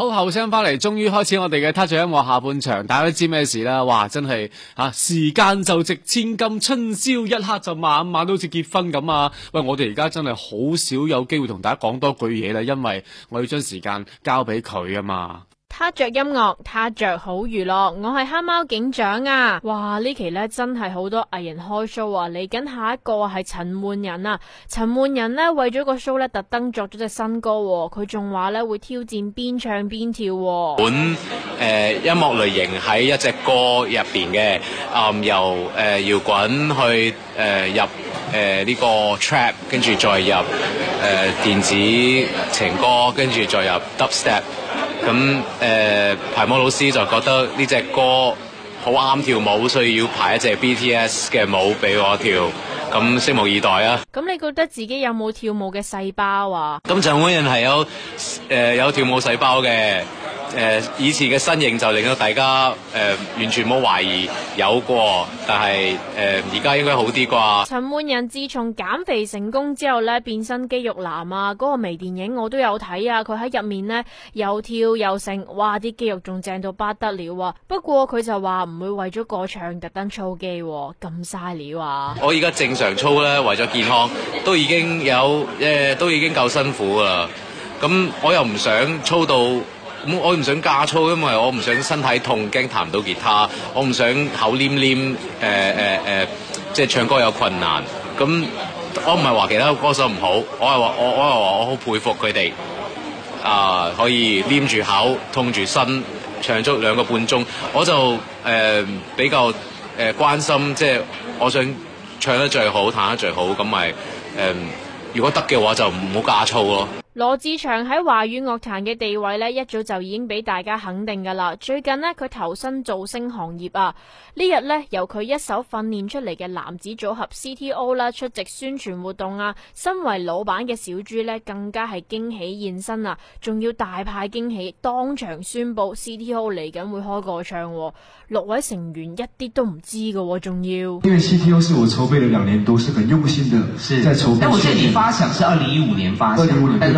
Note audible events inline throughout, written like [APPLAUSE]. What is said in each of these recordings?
好後生翻嚟，終於開始我哋嘅《touch 音樂》下半場，大家都知咩事啦？哇，真係吓、啊，時間就值千金，春宵一刻就晚晚都好似結婚咁啊！喂，我哋而家真係好少有機會同大家講多句嘢啦，因為我要將時間交俾佢啊嘛。他着音樂，他着好娛樂。我係黑貓警長啊！哇，呢期咧真係好多藝人開 show 啊！嚟緊下一個係陳煥仁啊！陳煥仁呢為咗個 show 咧特登作咗隻新歌，佢仲話咧會挑戰邊唱邊跳。本誒、呃、音樂類型喺一隻歌入邊嘅，由誒搖滾去誒、呃、入誒呢、呃這個 trap，跟住再入誒、呃、電子情歌，跟住再入 dubstep。咁誒、嗯呃、排舞老師就覺得呢隻歌好啱跳舞，所以要排一隻 BTS 嘅舞俾我跳。咁拭目以待啊！咁、嗯、你覺得自己有冇跳舞嘅細胞啊？咁陳偉仁係有誒、呃、有跳舞細胞嘅。誒、呃、以前嘅身形就令到大家誒、呃、完全冇懷疑有過，但係誒而家應該好啲啩。陳奐仁自從減肥成功之後咧，變身肌肉男啊！嗰、那個微電影我都有睇啊，佢喺入面呢，又跳又剩，哇！啲肌肉仲正到不得了啊！不過佢就話唔會為咗過場特登操肌，咁嘥料啊！啊我而家正常操咧，為咗健康，都已經有誒、呃，都已經夠辛苦啦。咁我又唔想操到。咁、嗯、我唔想加粗，因為我唔想身體痛，驚彈唔到吉他，我唔想口黏黏，誒誒誒，即係唱歌有困難，咁我唔係話其他歌手唔好，我係話我我係話我好佩服佢哋啊，可以黏住口，痛住身，唱足兩個半鐘，我就誒、呃、比較誒、呃、關心，即、就、係、是、我想唱得最好，彈得最好，咁咪誒，如果得嘅話，就唔好加粗咯。羅志祥喺華語樂壇嘅地位呢，一早就已經俾大家肯定噶啦。最近呢，佢投身造星行業啊，日呢日呢由佢一手訓練出嚟嘅男子組合 C T O 啦，出席宣傳活動啊。身為老闆嘅小豬呢，更加係驚喜現身啊，仲要大派驚喜，當場宣佈 C T O 嚟緊會開個唱，啊，六位成員一啲都唔知噶，啊，仲要。因為 C T O 是我籌備了兩年都是很用心的，是在籌備。但我記得你發想是二零一五年發。二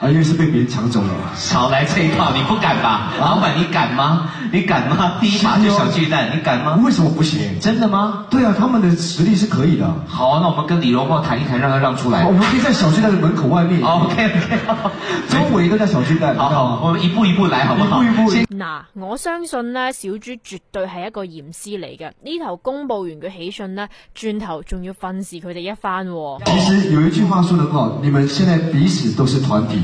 啊！又是被別人搶走了，少來這一套，你不敢吧？啊、老闆，你敢嗎？你敢嗎？第一把就小巨蛋，你敢嗎？是是哦、為什麼不行？真的嗎？對啊，他們的實力是可以的。好、啊，那我們跟李榮浩談一談，讓他讓出來。我們可以在小巨蛋的門口外面。哦、OK OK，周圍都在小巨蛋。是好，好，我們一步一步來，好不好？一步一步一。嗱、啊，我相信呢，小豬絕對係一個嚴師嚟嘅。呢頭公佈完的喜訊呢，轉頭仲要訓示佢哋一番、哦。其實有一句話說得好，你們現在彼此都是團體。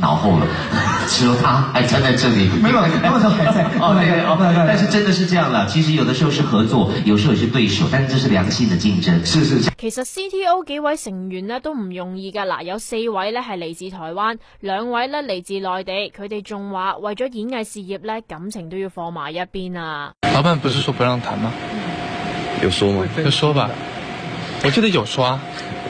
然後了，只有他還站在這裏。沒 [NOISE] 有樂，沒有他，但是真的是這樣的，其實有的時候是合作，有時候也是對手，但這是良性的競爭。是是，其實 CTO 幾位成員呢都唔容易噶啦，有四位呢係嚟自台灣，兩位呢嚟自內地，佢哋仲話為咗演藝事業呢，感情都要放埋一邊啊。老闆不是說不讓談嗎？ [MUSIC] 有說嗎？ [MUSIC] 有說吧，我記得有說啊.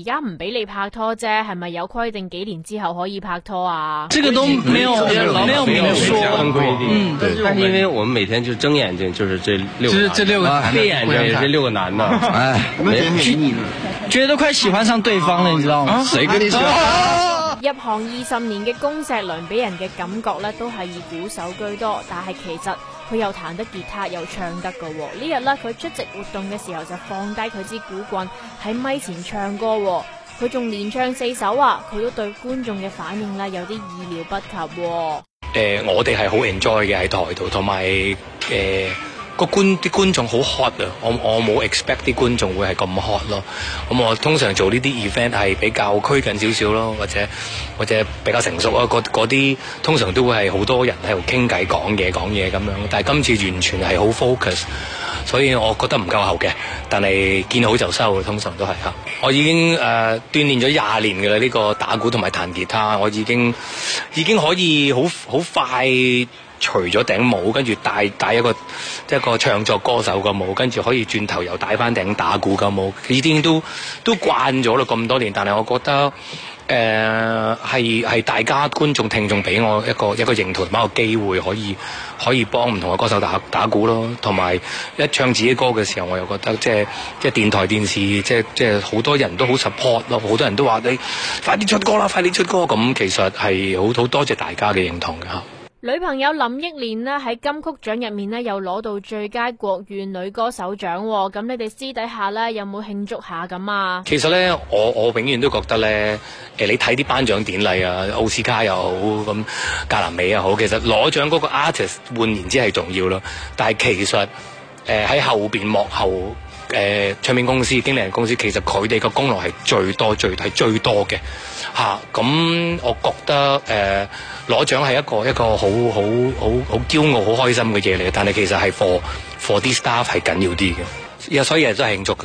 而家唔俾你拍拖啫，係咪有規定幾年之後可以拍拖啊？這個都沒有沒有沒有說，嗯，但是因為我們每天就睜眼睛，就是這六，就是這六個黑眼睛，六個男的。哎，沒覺得都快喜歡上對方了，你知道嗎？入行二十年嘅恭碩良俾人嘅感覺咧，都係以鼓手居多，但係其實。佢又彈得吉他，又唱得㗎喎、哦。日呢日咧，佢出席活動嘅時候就放低佢支鼓棍喺咪前唱歌、哦，佢仲連唱四首啊！佢都對觀眾嘅反應咧有啲意料不及、哦。誒、呃，我哋係好 enjoy 嘅喺台度，同埋誒。呃個觀啲觀眾好 hot 啊！我我冇 expect 啲觀眾會係咁 hot 咯、啊。咁我通常做呢啲 event 係比較拘謹少少咯，或者或者比較成熟啊。嗰啲通常都會係好多人喺度傾偈講嘢講嘢咁樣。但係今次完全係好 focus，所以我覺得唔夠喉嘅。但係見好就收，通常都係嚇。我已經誒、呃、鍛煉咗廿年㗎啦，呢、呢個打鼓同埋彈吉他，我已經已經可以好好快。除咗頂帽，跟住戴戴一個一個唱作歌手嘅帽，跟住可以轉頭又戴翻頂打鼓嘅帽，呢啲都都慣咗喇，咁多年，但係我覺得誒係係大家觀眾聽眾俾我一個一個認同同埋一個機會可以，可以可以幫唔同嘅歌手打打鼓咯。同埋一唱自己歌嘅時候，我又覺得即係即係電台電視，即係即係好多人都好 support 咯。好多人都話你快啲出歌啦，快啲出歌咁。其實係好好多謝大家嘅認同嘅嚇。女朋友林憶蓮呢，喺金曲獎入面呢，又攞到最佳國語女歌手獎，咁你哋私底下呢，有冇慶祝下咁啊？其實呢，我我永遠都覺得呢，誒、呃，你睇啲頒獎典禮啊，奧斯卡又好，咁格林美又好，其實攞獎嗰個 artist 換言之係重要咯，但係其實誒喺、呃、後邊幕後。誒唱片公司、經理人公司，其實佢哋個功勞係最多、最係最多嘅吓。咁我覺得誒攞獎係一個一個好好好好驕傲、好開心嘅嘢嚟嘅，但係其實係 for for 啲 staff 係緊要啲嘅，有所以人都係慶祝㗎。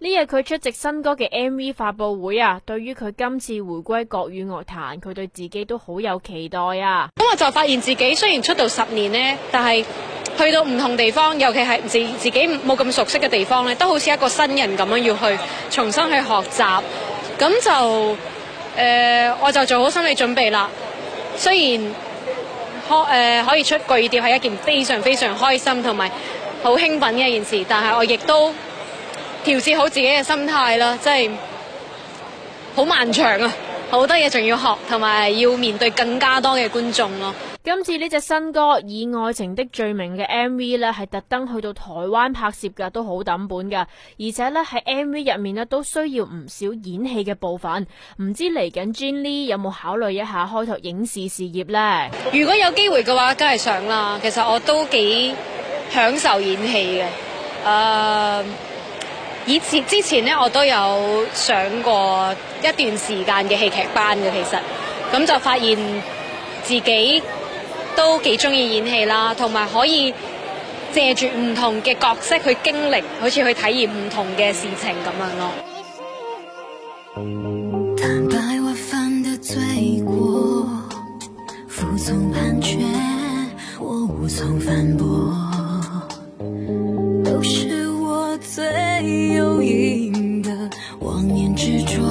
呢日佢出席新歌嘅 MV 發佈會啊！對於佢今次回歸國語樂壇，佢對自己都好有期待啊！咁我就發現自己雖然出道十年咧，但係去到唔同地方，尤其係自自己冇咁熟悉嘅地方咧，都好似一個新人咁樣要去重新去學習。咁就誒、呃，我就做好心理準備啦。雖然可誒、呃、可以出巨碟係一件非常非常開心同埋好興奮嘅一件事，但係我亦都。調節好自己嘅心態啦，真係好漫長啊！好多嘢仲要學，同埋要面對更加多嘅觀眾咯。今次呢隻新歌《以愛情的罪名》嘅 MV 呢，係特登去到台灣拍攝噶，都好抌本噶，而且呢，喺 MV 入面咧都需要唔少演戲嘅部分。唔知嚟緊 Gin Lee 有冇考慮一下開拓影視事業呢？如果有機會嘅話，梗係想啦。其實我都幾享受演戲嘅，誒、呃。以前之前咧，我都有上過一段時間嘅戲劇班嘅，其實咁就發現自己都幾中意演戲啦，同埋可以借住唔同嘅角色去經歷，好似去體驗唔同嘅事情咁樣咯。